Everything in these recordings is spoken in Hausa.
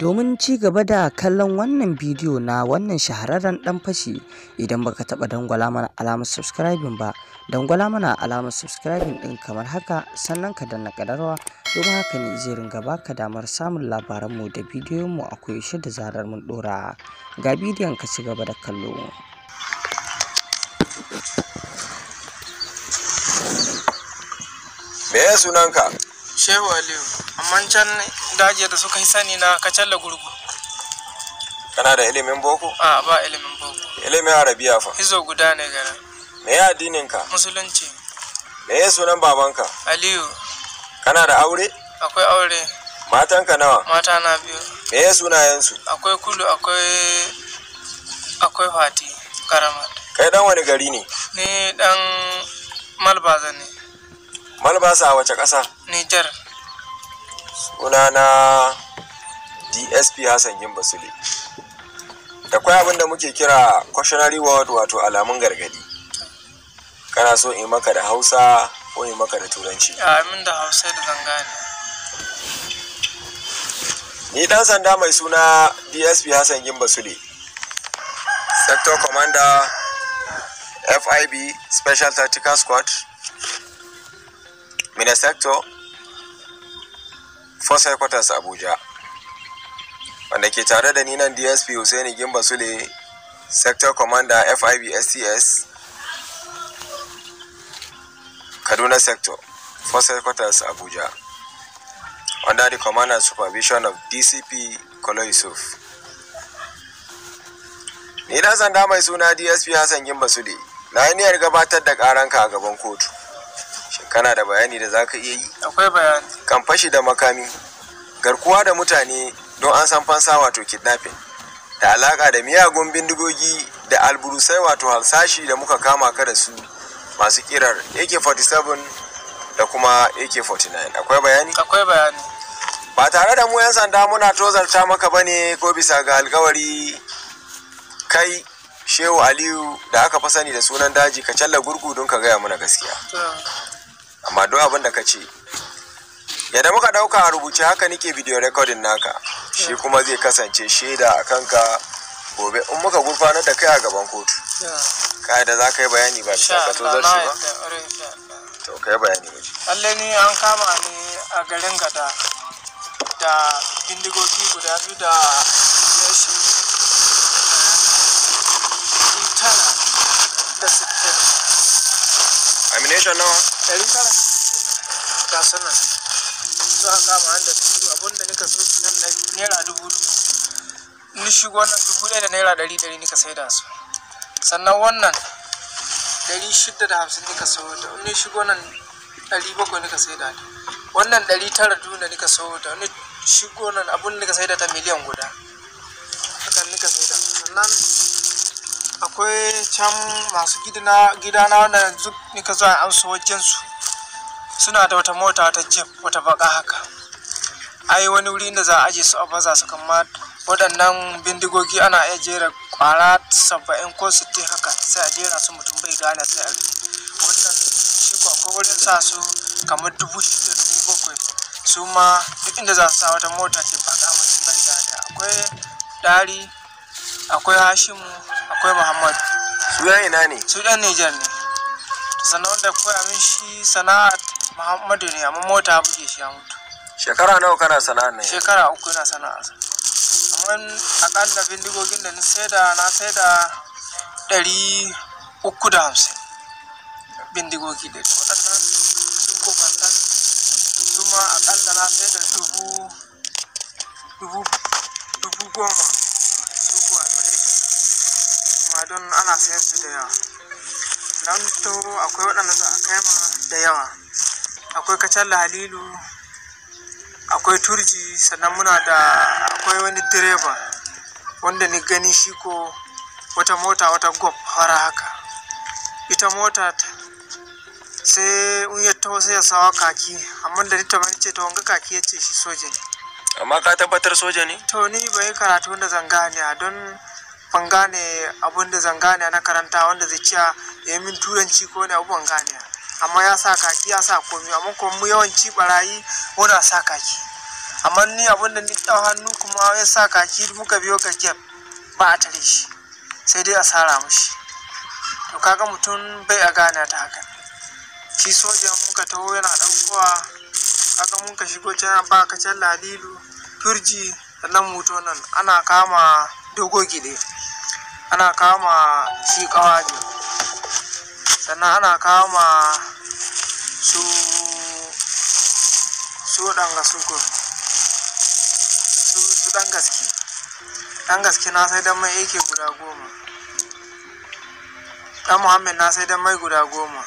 Domin ci gaba da kallon wannan bidiyo na wannan shahararren ɗan fashi idan baka taɓa dangwala mana alamar subscribing ba, dangwala mana alamar subscribing ɗin kamar haka sannan ka danna kadarwa domin haka ne zai ringa baka damar samun labaranmu da bidiyonmu a koyaushe da zarar mun ɗora. Ga bidiyon ka ci gaba da kallo. Me sunanka? Shehu Aliyu. amma can daji da suka yi sani na da gurgu kana da ilimin boko a ba ilimin boko ilimin arabiya fa hizo guda ne gara me ya addinin ka musulunci me ya sunan babanka aliyu kana da aure akwai aure Matan ka nawa mata na biyu me ya sunayensu akwai kulu akwai akwai fati karama kai dan wani gari ne ni dan malbaza ne malbasa a wace ƙasa nijar Suna na dsp hassan gimbasule da kwai abin da muke kira kwashinari word wato alamun gargadi kana so in maka da hausa ko in maka da turanci amin da hausa da zangane ni dan sanda mai suna dsp hassan gimbasule sector commander fib special tactical squad mina sector first headquarters abuja wanda ke tare da ni nan dsp Hussaini gimba sule sector commander fib sts kaduna sector first headquarters abuja under the command and supervision of dcp kolo yusuf ni dan sanda mai suna dsp hassan gimba sule na yi niyyar gabatar da karanka a gaban kotu shin kana da bayani da za ka iya yi akwai bayani kan fashi da makami garkuwa da mutane don an san fansa wato kidnapping da alaka da miyagun bindigogi da alburusai wato halsashi da muka kama ka da su masu kirar ak-47 da kuma ak-49 akwai bayani? akwai bayani ba tare da mu 'yan sanda muna tozarta maka ba ne ko bisa ga alkawari kai shehu aliyu da aka fi sani da sunan daji ka challa gurgudun ka gaya mana gaskiya amma duk abin da ka ce yadda muka dauka a rubuce haka nike video recording naka shi kuma zai kasance shaida a kanka gobe in muka gurfanar da kai a gaban kotu kai da za ka yi bayani ba shi ka tozar shi ba to kai bayani lalle ni an kama ni a garin gada da bindigogi guda biyu da shi tara da sittin amination nawa ɗari tara ga sanar suka kama da su abinda nika so naira dubu dubu ni shigo nan dubu ɗaya da naira ɗari ɗari nika saida su sannan wannan ɗari shida da hamsin nika sayo ta ni shigo nan ɗari bakwai nika saida ta wannan ɗari tara duna nika sayo ta ni shigo nan abin nika saida ta miliyan guda hakan nika saida sannan akwai can masu gidana wannan wanda yanzu nika zuwa an so wajen su suna da wata mota ta jeep wata baka haka ai wani wuri da za a aje su a baza su kamar waɗannan bindigogi ana iya jera kwara saba'in ko sittin haka sai a jera su mutum bai gane sai a wannan shi ko wurin sa su kamar dubu shida dubu bakwai su ma duk inda za su sa wata mota ce baka mutum bai gane akwai dari akwai hashimu akwai muhammad su ina ne su ɗan nijar ne sannan wanda koya min shi sana'ar muhammadu ne amma mota buge shi ya mutu shekara nawa kana sana'a ne shekara uku na sana'a amma akalla bindigogin da na saida na saida ɗari uku da hamsin bindigogi da waɗannan ko bantan su ma akalla na saida dubu dubu dubu goma su duku a ma don ana sayar su da yawa an akwai waɗanda za a kai ma da yawa akwai da halilu akwai turji sannan muna da akwai wani direba wanda ni gani shi ko wata mota wata gob fara haka ita mota sai in ya taho sai ya sawa kaki amma da ta bani ce ta wanga kaki ya ce shi soja ne amma ka tabbatar soja ne to ni bai karatu da zanga ne don ban gane abin da zan gane na karanta wanda zai ciya ya min turanci ko ne abubuwan gane amma ya sa kaki ya sa komi amma kuma mu yawanci barayi muna sa kaki amma ni abin da ni ɗau hannu kuma ya sa kaki muka biyo ka ba a tare shi sai dai a sara mushi to kaga mutum bai a gane ta haka shi sojan muka taho yana ɗaukowa kaga mun ka shigo can ba ka can lalilu turji sannan mutu nan ana kama dogo gide ana kama shi kawaje sannan ana kama su su ɗan gasuku su su ɗan gaske dan gaske na sai dan mai yake guda goma ɗan muhammed na sai dan mai guda goma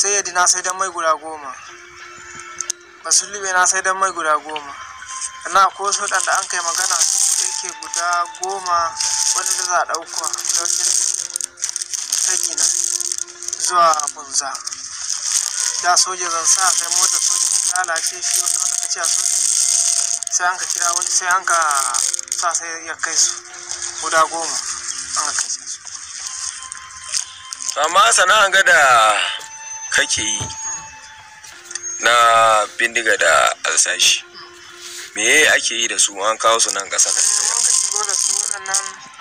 sayyadi na sai dan mai guda goma basulube na sai dan mai guda goma sannan akwai su da an kai magana su su yake guda goma wanda za a ɗauka dokin sagina zuwa bunza da soja zan sa sai motar soja ta lalace shi wanda wata a soja sai an ka kira wani sai an ka sa sai ya kai su guda goma an ka kai su amma sana'an gada kake yi na bindiga da alsashi me ake yi da su an kawo su nan ƙasa da su an ka shigo su waɗannan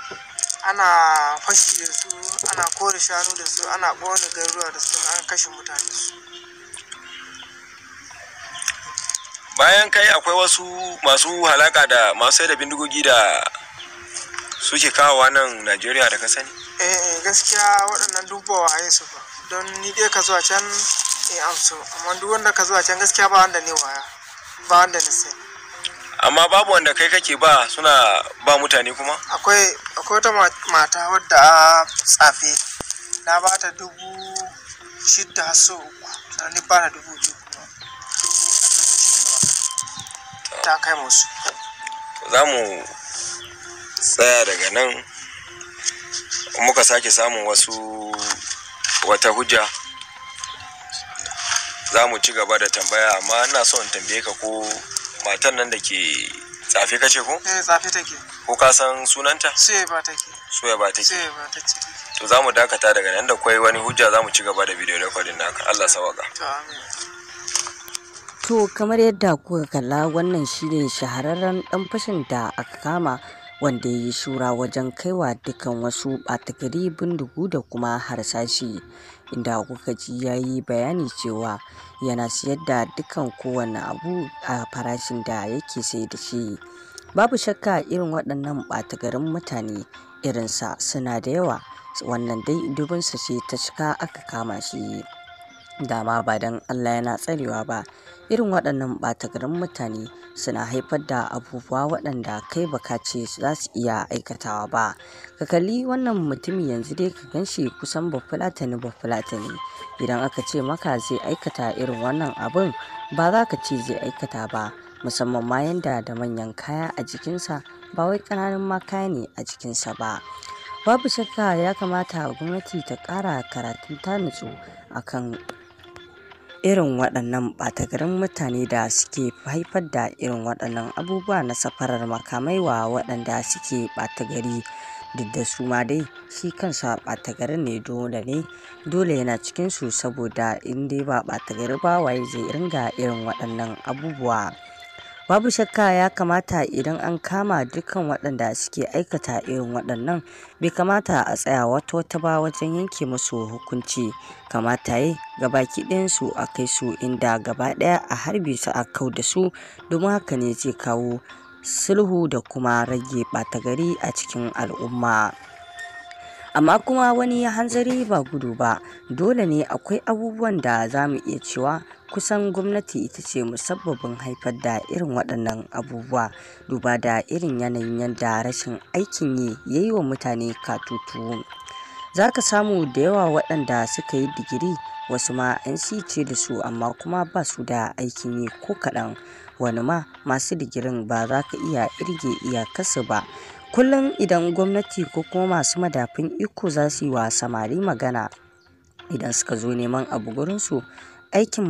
ana fashi da su ana kore shanu da su ana ƙone garuruwa da su an kashe mutane su bayan kai akwai wasu masu halaka da masu sai da bindigogi da suke kawowa nan najeriya da sani eh, eh gaskiya waɗannan dubawa a su ba don ni dai ka zuwa can in eh, amsu amma duk wanda ka zuwa can gaskiya ba wanda ne waya ba wanda ni sani amma babu wanda kai kake ba suna ba mutane kuma akwai akwai wata mata wadda a tsafe na ba ta dubu shidda so uku ni ba ta dubu biyu kuma ta kai musu za mu tsaya daga nan muka sake samun wasu wata hujja za mu ci gaba da tambaya amma ina son tambaye ka ko matan nan da ke tsafe kace ko? Eh tsafe take. Ko ka san sunanta? Suye ba take. Suye ba take. ba take. To za mu dakata daga nan da kwai wani hujja za mu ci gaba da bidiyo recording naka. Allah sawaka. To To kamar yadda kuka kalla wannan shine shahararren dan fashin da aka kama wanda ya yi shura wajen kaiwa dukkan wasu ɓatagari bindigu da kuma harsashi inda kuka ji ya yi bayani cewa yana siyar da dukkan kowane abu a farashin da yake sai da shi babu shakka irin waɗannan batagarin mutane irinsa suna da yawa wannan dai dubinsa ce ta cika aka kama shi dama ba don allah yana tsarewa ba irin waɗannan batagarin mutane suna haifar da abubuwa waɗanda kai baka ce za su iya aikatawa ba ka kalli wannan mutumi yanzu dai ka gan shi kusan bafulatani bafulatani idan aka ce maka zai aikata irin wannan abin ba za ka ce zai aikata ba musamman ma yanda da manyan kaya a jikinsa ba wai ƙananan ma kaya ne a jikinsa ba babu shakka ya kamata gwamnati ta ƙara karatun ta nutsu akan irin waɗannan batagarin mutane da suke haifar da irin waɗannan abubuwa na safarar makamai wa waɗanda suke ɓatagari duk da su ma dai shi kansa ɓata ne dole ne dole yana cikinsu saboda in dai ba ɓatagari ba waye zai ringa irin waɗannan abubuwa babu shakka ya kamata idan an kama dukkan waɗanda suke aikata irin waɗannan bai kamata a tsaya wata wata ba wajen yanke musu hukunci kamata yi gabaki su a kai su inda gaba ɗaya a harbi su a kau da su domin haka ne zai kawo sulhu da kuma rage ɓata gari a cikin al'umma. amma kuma wani hanzari ba gudu ba dole ne akwai abubuwan da za mu iya cewa kusan gwamnati ita ce musabbabin haifar da irin waɗannan abubuwa duba da irin yanayin yadda rashin aikin yi ya yi wa mutane katutu za ka samu da yawa waɗanda suka yi digiri wasu ma an ce da su amma kuma ba su da aikin yi ko kaɗan wani ma masu digirin ba za ka iya irge iyakarsu ba kullum idan gwamnati ko kuma masu madafin iko za su yi wa samari magana idan suka zo neman abu gurinsu aikin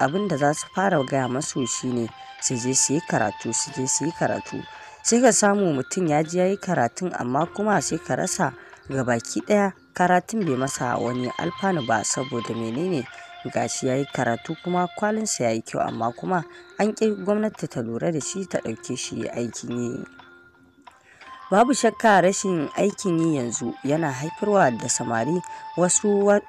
abin da za su fara gaya masu shine su je su yi karatu su je su yi karatu sai ka samu mutum ya ji ya yi karatun amma kuma sai ka rasa ga baki ɗaya karatun bai masa wani alfanu ba saboda menene gashi ya yi karatu kuma kwalinsa ya yi kyau amma kuma an ƙi gwamnati ta lura da shi ta ɗauke shi aikin yi babu shakka rashin aikin yi yanzu yana haifarwa da samari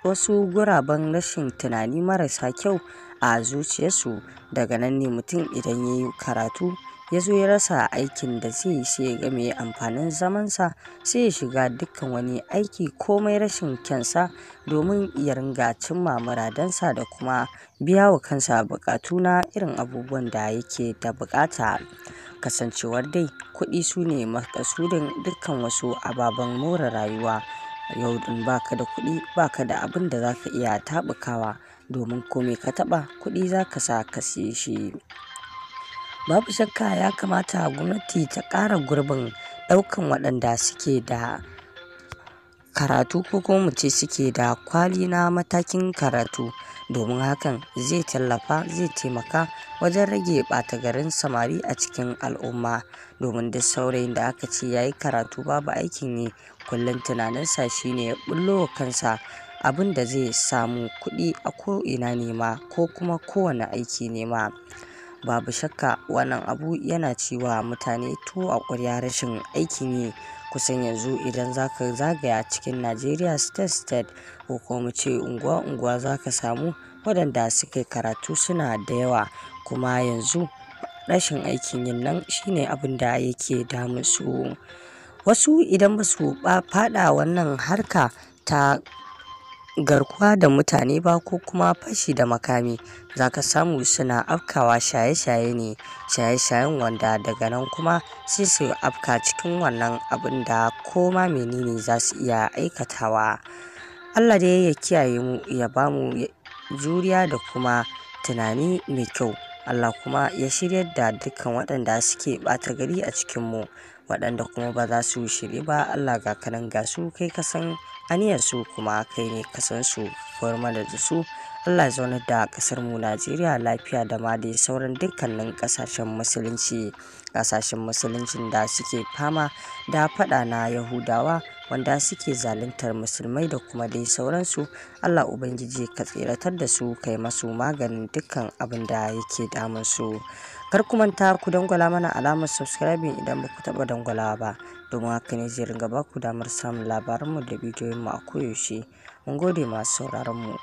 wasu, guraben rashin tunani marasa kyau a zuciyarsu daga nan ne mutum idan ya yi karatu ya zo ya rasa aikin da zai sai ya game mai amfanin zamansa sai ya shiga dukkan wani aiki komai rashin kyansa domin ya ringa cimma muradansa da kuma biya wa kansa bukatu na irin abubuwan da yake da bukata. Kasancewar dai kuɗi su ne makasudin dukkan wasu ababen more rayuwa. Yau din baka da kuɗi baka da abin da zaka iya tabukawa domin komai ka taɓa kuɗi zaka sa ka siye shi. babu shakka ya kamata gwamnati ta ƙara gurbin ɗaukan waɗanda suke da karatu ko kuma mu ce suke da kwali na matakin karatu domin hakan zai tallafa zai taimaka wajen rage ɓata garin samari a cikin al'umma domin duk saurayin da aka ce yayi karatu babu aikin yi kullum tunaninsa shine ya bullo kansa abin da zai samu kuɗi a ko ina nema ko kuma kowane aiki nema. babu shakka wannan abu yana cewa mutane to a ƙwarya rashin aikin yi kusan yanzu idan zaka zagaya cikin najeriya state state ko kuma ce unguwa unguwa zaka samu waɗanda suka karatu suna da yawa kuma yanzu rashin aikin yin nan shine abin da yake damun su wasu idan ba su faɗa wannan harka ta garkuwa da mutane ba ko kuma fashi da makami za ka samu suna afkawa shaye-shaye ne shaye-shayen wanda daga nan kuma sai su afka cikin wannan abin da koma menene za su iya aikatawa allah dai ya kiyaye mu ya bamu juriya da kuma tunani mai kyau Allah kuma ya shiryar da dukkan waɗanda suke ɓata gari a cikinmu waɗanda kuma ba za su shiri ba Allah ga kanan ga su kai kasan su kuma kai ne kasan su mana da su Allah ya zaunar da kasar mu Najeriya lafiya da ma dai sauran dukkanin kasashen musulunci kasashen musuluncin da suke fama da faɗa na Yahudawa wanda suke zaluntar musulmai da kuma dai sauransu allah ubangiji ka tseratar da su kai masu maganin dukkan abin da yake damun su kar ku manta ku dangwala mana alamar subscribing idan ba ku taba dangwala ba domin haka ne zai ringa ba ku damar samun labaranmu da mu a koyaushe mun gode masu mu